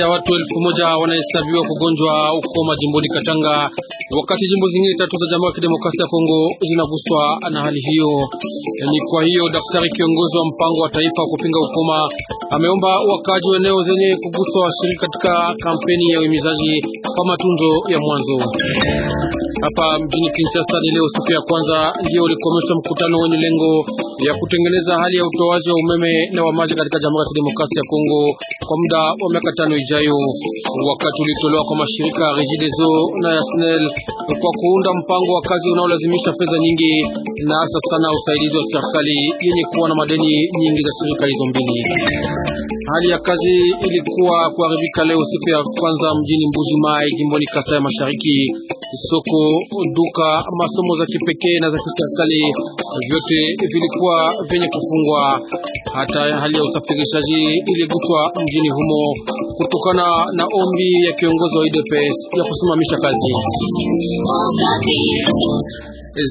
ya watu elfu moja wanahesabiwa kugonjwa huko majimboni jimboni Katanga, wakati jimbo zingine tatu za Jamhuri ya Kidemokrasia ya Kongo zinaguswa na hali hiyo. Ni kwa hiyo daktari kiongozi wa mpango wa taifa wa kupinga ukoma ameomba wakaji wa eneo zenye kuguswa washiriki katika kampeni ya uhimizaji kwa matunzo ya mwanzo. Hapa mjini Kinshasa ni leo siku ya kwanza ndio ulikomeshwa mkutano wenye lengo ya kutengeneza hali ya utoaji wa umeme na wa maji katika Jamhuri ya Kidemokrasia ya Kongo kwa muda wa miaka tano ijayo. Wakati ulitolewa kwa mashirika ya Regideso na Yasnel kwa kuunda mpango wa kazi unaolazimisha fedha nyingi na hasa sana usaidizi wa serikali yenye kuwa na madeni nyingi za shirika hizo mbili. Hali ya kazi ilikuwa kuharibika leo siku ya kwanza mjini Mbuji Mai, jimboni Kasai ya Mashariki soko, duka, masomo za kipekee na za kiasali vyote vilikuwa vyenye kufungwa. Hata hali ya usafirishaji iliguswa mjini humo kutokana na ombi ya kiongozi wa UDPS ya kusimamisha kazi.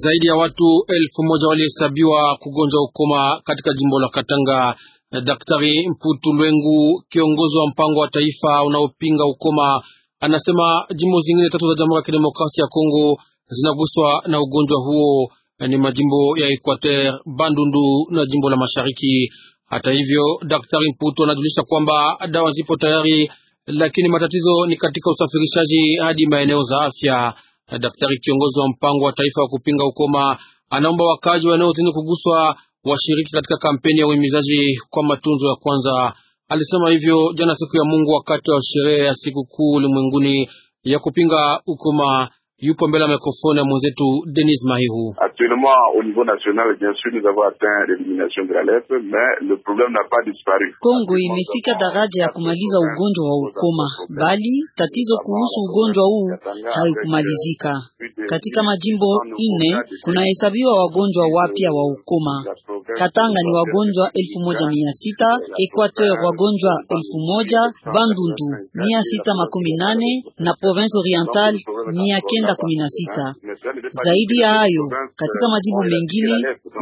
Zaidi ya watu elfu moja walihesabiwa kugonjwa ukoma katika jimbo la Katanga. Daktari Mputu Lwengu, kiongozi wa mpango wa taifa unaopinga ukoma Anasema jimbo zingine tatu za Jamhuri ya Kidemokrasia ya Kongo zinaguswa na ugonjwa huo, ni majimbo ya Equateur, Bandundu na jimbo la Mashariki. Hata hivyo, Daktari Mputo anajulisha kwamba dawa zipo tayari, lakini matatizo ni katika usafirishaji hadi maeneo za afya. Daktari kiongozi wa mpango wa taifa wa kupinga ukoma anaomba wakazi wa eneo zenye kuguswa washiriki katika kampeni ya uhimizaji kwa matunzo ya kwanza. Alisema hivyo jana siku ya Mungu wakati wa sherehe ya sikukuu ulimwenguni ya kupinga ukoma. Yupo mbele ya mikrofoni ya mwenzetu Denis Mahihu. Kongo imefika daraja ya kumaliza ugonjwa wa ukoma, bali tatizo kuhusu ugonjwa huu haikumalizika. Katika majimbo ine kunahesabiwa wagonjwa wapya wa ukoma. Katanga ni wagonjwa elfu moja mia sita, Equateur wagonjwa elfu moja, Bandundu mia sita makumi nane na Province Oriental mia kenda kumi na sita. Zaidi ya hayo, katika majibu mengine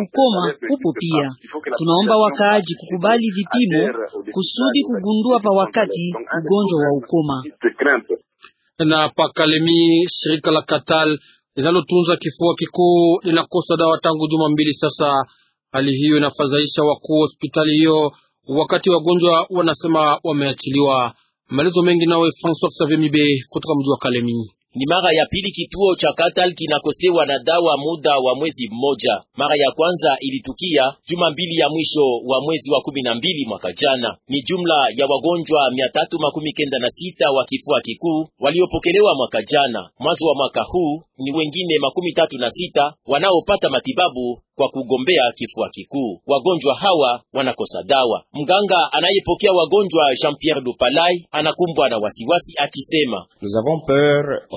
ukoma upo pia. Tunaomba wakaaji kukubali vipimo kusudi kugundua pa wakati ugonjwa wa ukoma. Na pakalemi shirika la Katal linalotunza kifua kikuu linakosa dawa tangu juma mbili sasa. Hali hiyo inafadhaisha wakuu hospitali hiyo, wakati wagonjwa wanasema wameachiliwa. Maelezo mengi nawe François Mibe kutoka mji wa Kalemi. Ni mara ya pili kituo cha Katal kinakosewa na dawa muda wa mwezi mmoja. Mara ya kwanza ilitukia juma mbili ya mwisho wa mwezi wa kumi na mbili mwaka jana. Ni jumla ya wagonjwa mia tatu makumi kenda na sita wa kifua kikuu waliopokelewa mwaka jana. Mwanzo wa mwaka huu ni wengine makumi tatu na sita wanaopata matibabu kwa kugombea kifua kikuu. Wagonjwa hawa wanakosa dawa. Mganga anayepokea wagonjwa Jean Pierre Dupalai anakumbwa na wasiwasi akisema,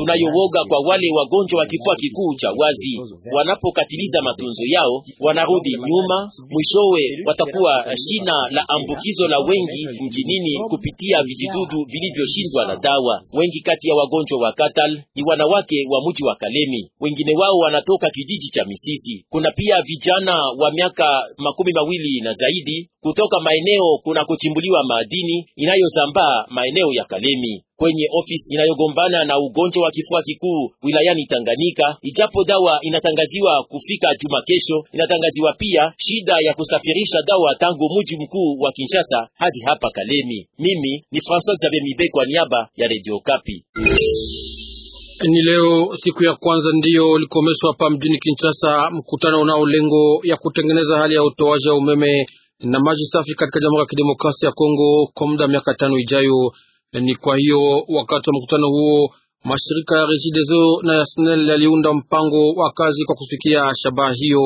tunayowoga kwa wale wagonjwa wa kifua kikuu cha wazi, wanapokatiliza matunzo yao wanarudi nyuma, mwishowe watakuwa shina la ambukizo la wengi mjinini kupitia vijidudu vilivyoshindwa na dawa. Wengi kati ya wagonjwa wa Katal ni wanawake wa mji wa Kalemi, wengine wao wanatoka kijiji cha Misisi. Kuna pia vijana wa miaka makumi mawili na zaidi kutoka maeneo kuna kuchimbuliwa madini inayozambaa maeneo ya Kalemi kwenye ofisi inayogombana na ugonjwa wa kifua kikuu wilayani Tanganyika. Ijapo dawa inatangaziwa kufika juma kesho, inatangaziwa pia shida ya kusafirisha dawa tangu mji mkuu wa Kinshasa hadi hapa Kalemi. Mimi ni François Xavier Mibe kwa niaba ya Radio Kapi. Ni leo siku ya kwanza ndiyo ulikomeshwa hapa mjini Kinshasa mkutano unao lengo ya kutengeneza hali ya utoaji wa umeme na maji safi katika Jamhuri ya Kidemokrasia ya Kongo kwa muda wa miaka tano ijayo. Ni kwa hiyo wakati wa mkutano huo mashirika ya Regideso na ya SNEL yaliunda mpango wa kazi kwa kufikia shabaha hiyo.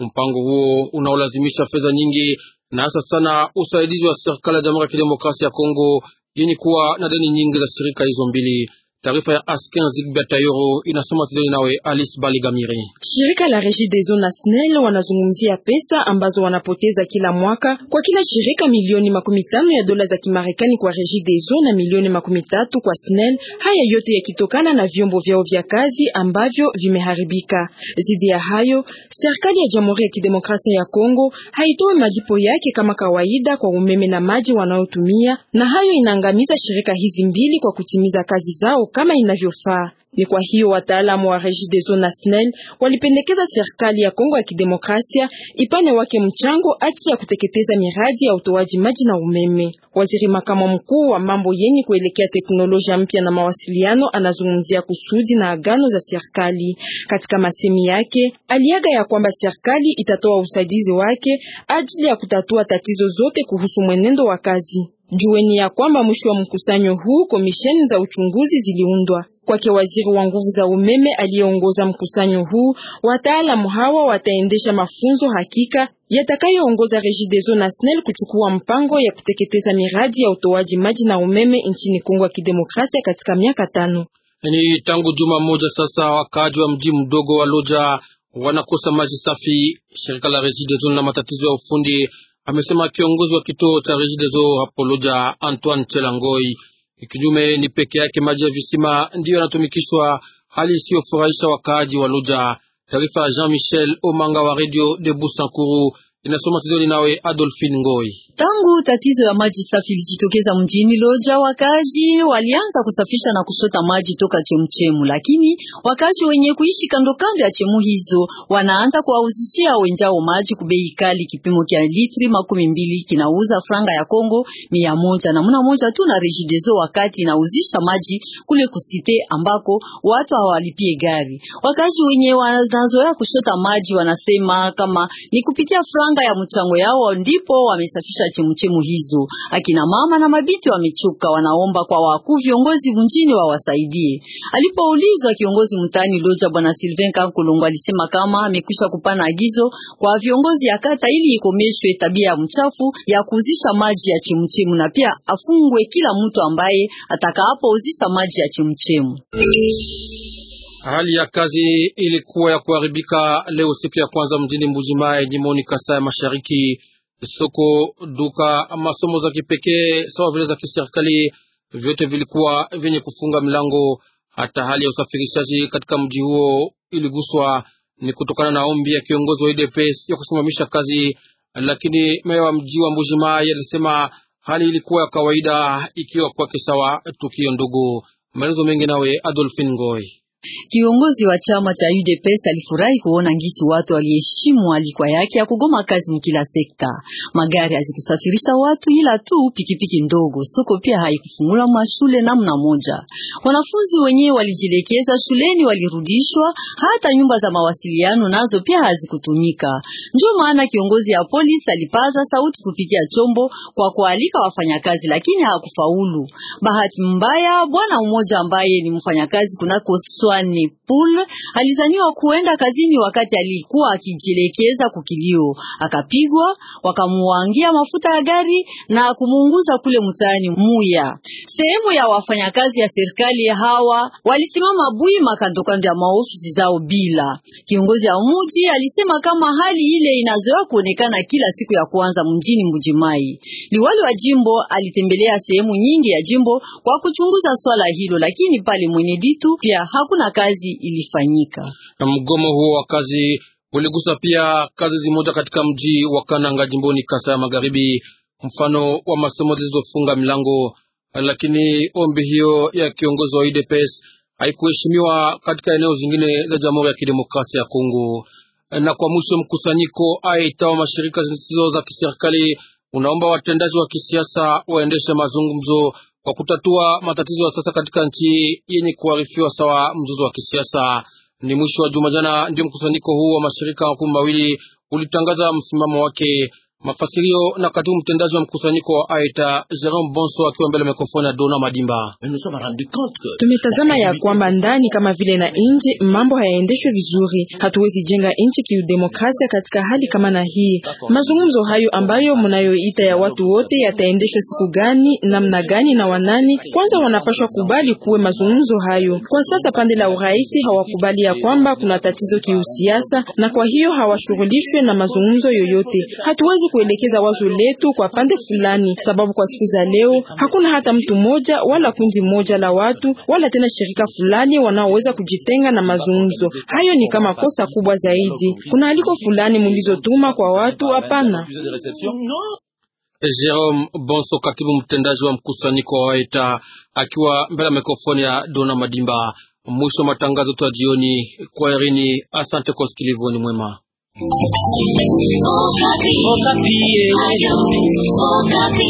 Mpango huo unaolazimisha fedha nyingi na hasa sana usaidizi wa serikali ya Jamhuri ya Kidemokrasia ya Kongo yenye kuwa na deni nyingi za shirika hizo mbili. Taarifa ya Askin Zigbert Tayoro inasoma tudeni nawe Alice Baligamiri. Shirika la Regie des na SNEL wanazungumzia pesa ambazo wanapoteza kila mwaka kwa kila shirika, milioni makumi tano ya dola za Kimarekani kwa Regie de na milioni makumi tatu kwa SNEL, haya yote yakitokana na vyombo vyao vya kazi ambavyo vimeharibika. Zidi ya hayo, serikali ya Jamhuri ya Kidemokrasia ya Kongo haitoe malipo yake kama kawaida kwa umeme na maji wanaotumia, na hayo inaangamiza shirika hizi mbili kwa kutimiza kazi zao kama inavyofaa. Ni kwa hiyo wataalamu wa Regideso na SNEL walipendekeza serikali ya Kongo ya Kidemokrasia ipane wake mchango ajili ya kuteketeza miradi ya utoaji maji na umeme. Waziri makamu mkuu wa mambo yenye kuelekea teknolojia mpya na mawasiliano anazungumzia kusudi na agano za serikali. Katika masemi yake, aliaga ya kwamba serikali itatoa usaidizi wake ajili ya kutatua tatizo zote kuhusu mwenendo wa kazi. Jueni ya kwamba mwisho wa mkusanyo huu komisheni za uchunguzi ziliundwa. Kwake waziri wa nguvu za umeme aliyeongoza mkusanyo huu, wataalamu hawa wataendesha mafunzo hakika yatakayoongoza Regideso na SNEL kuchukua mpango ya kuteketeza miradi ya utoaji maji na umeme nchini Kongo ya Kidemokrasia katika miaka tano. Ni tangu juma moja sasa, wakaaji wa mji mdogo wa Loja wanakosa maji safi. Shirika la Regideso na matatizo ya ufundi amesema kiongozi wa kituo cha Regideso hapo Loja, Antoine Chelangoi. Kinyume ni peke yake maji ya visima ndiyo yanatumikishwa, hali isiyofurahisha wakaaji wa Loja. Taarifa ya Jean Michel Omanga wa Radio de Busankuru Inasoma studioni nawe Adolfine Ngoi. Tangu tatizo ya maji safi lijitokeza mjini Loja, wakaji walianza kusafisha na kusota maji toka chemchemu, lakini wakaji wenye kuishi kando kando ya chemu hizo wanaanza kuwauzishia wenzao maji kubei kali. Kipimo cha litri makumi mbili kinauza franga ya Kongo mia moja na muna moja tu na Regideso, wakati inauzisha maji kule kusite ambako watu hawalipie gari. Wakaji wenye wanazoea kusota maji wanasema kama ni kupitia franga franga ya mchango yao, ndipo wamesafisha chemchemu hizo. Akina mama na mabinti wamechuka wanaomba kwa wakuu viongozi vunjini wawasaidie. Alipoulizwa kiongozi mtaani Loja, bwana Sylvain Kankulungu alisema kama amekwisha kupana agizo kwa viongozi ya kata ili ikomeshwe tabia ya mchafu ya kuuzisha maji ya chemchemu na pia afungwe kila mtu ambaye atakapouzisha maji ya chemchemu. Hali ya kazi ilikuwa ya kuharibika leo siku ya kwanza mjini Mbujimayi, jimoni Kasai Mashariki. Soko, duka, masomo za kipekee sawa vile za kiserikali, vyote vilikuwa vyenye kufunga milango. Hata hali ya usafirishaji katika mji huo iliguswa. Ni kutokana na ombi ya kiongozi wa UDPS ya kusimamisha kazi, lakini meya wa mji wa Mbujimayi alisema hali ilikuwa ya kawaida, ikiwa kwake sawa tukio ndugu. Maelezo mengi nawe Adolfin Ngoi. Kiongozi wa chama cha UDPS alifurahi kuona ngisi watu waliheshimu alikwa yake ya kugoma kazi mukila sekta. Magari hazikusafirisha watu ila tu pikipiki ndogo. Soko pia haikufungula mashule namna moja. Wanafunzi wenyewe walijielekeza shuleni, walirudishwa. Hata nyumba za mawasiliano nazo pia hazikutumika. Ndio maana kiongozi ya polisi alipaza sauti kupitia chombo kwa kualika wafanyakazi, lakini hakufaulu. Bahati mbaya, bwana mmoja ambaye ni mfanyakazi kunako Antoine Poul alizaniwa kuenda kazini wakati alikuwa akijielekeza kukilio, akapigwa, wakamuangia mafuta ya gari na kumuunguza kule mtaani Muya. Sehemu ya wafanyakazi ya serikali hawa walisimama bui makandokando ya maofisi zao bila. Kiongozi ya mji alisema kama hali ile inazoea kuonekana kila siku ya kwanza mjini Mbujimai. Liwali wa jimbo alitembelea sehemu nyingi ya jimbo kwa kuchunguza swala hilo, lakini pale Mweneditu pia haku hakuna kazi ilifanyika. Mgomo huo wa kazi uligusa pia kazi zimoja katika mji wa Kananga jimboni ya Magharibi, mfano wa masomo zilizofunga milango. Lakini ombi hiyo ya kiongozi wa UDPS haikuheshimiwa katika eneo zingine za Jamhuri ya Kidemokrasia ya Kongo. Na kwa mwisho, mkusanyiko aita wa mashirika zisizo za kiserikali unaomba watendaji wa kisiasa waendeshe mazungumzo kwa kutatua matatizo ya sasa katika nchi yenye kuharifiwa sawa mzozo wa kisiasa. Ni mwisho wa juma jana ndio mkusanyiko huu wa mashirika makumi mawili ulitangaza msimamo wake Mafasirio na katibu mtendaji wa mkusanyiko wa Aita Jerome Bonso akiwa mbele mikrofoni ya Dona Madimba. Tumetazama ya kwamba ndani kama vile na nje mambo hayaendeshwe vizuri. Hatuwezi jenga nchi kiudemokrasia katika hali kama na hii. Mazungumzo hayo ambayo mnayoita ya watu wote yataendeshwa siku gani, namna gani na wanani? Kwanza wanapashwa kubali kuwe mazungumzo hayo. Kwa sasa pande la urais hawakubali ya kwamba kuna tatizo kiusiasa, na kwa hiyo hawashughulishwe na mazungumzo yoyote. Hatuwezi kuelekeza wazo letu kwa pande fulani, sababu kwa siku za leo hakuna hata mtu mmoja wala kundi moja la watu wala tena shirika fulani wanaoweza kujitenga na mazungumzo hayo. Ni kama kosa kubwa zaidi. Kuna aliko fulani mulizotuma kwa watu? Hapana. Jerome Bonso, katibu mtendaji wa mkusanyiko wa Waita, akiwa mbele ya mikrofoni ya Dona Madimba. Mwisho matangazo ya jioni. Kwaherini, asante kwa usikilivu, ni mwema. Okapi. Okapi.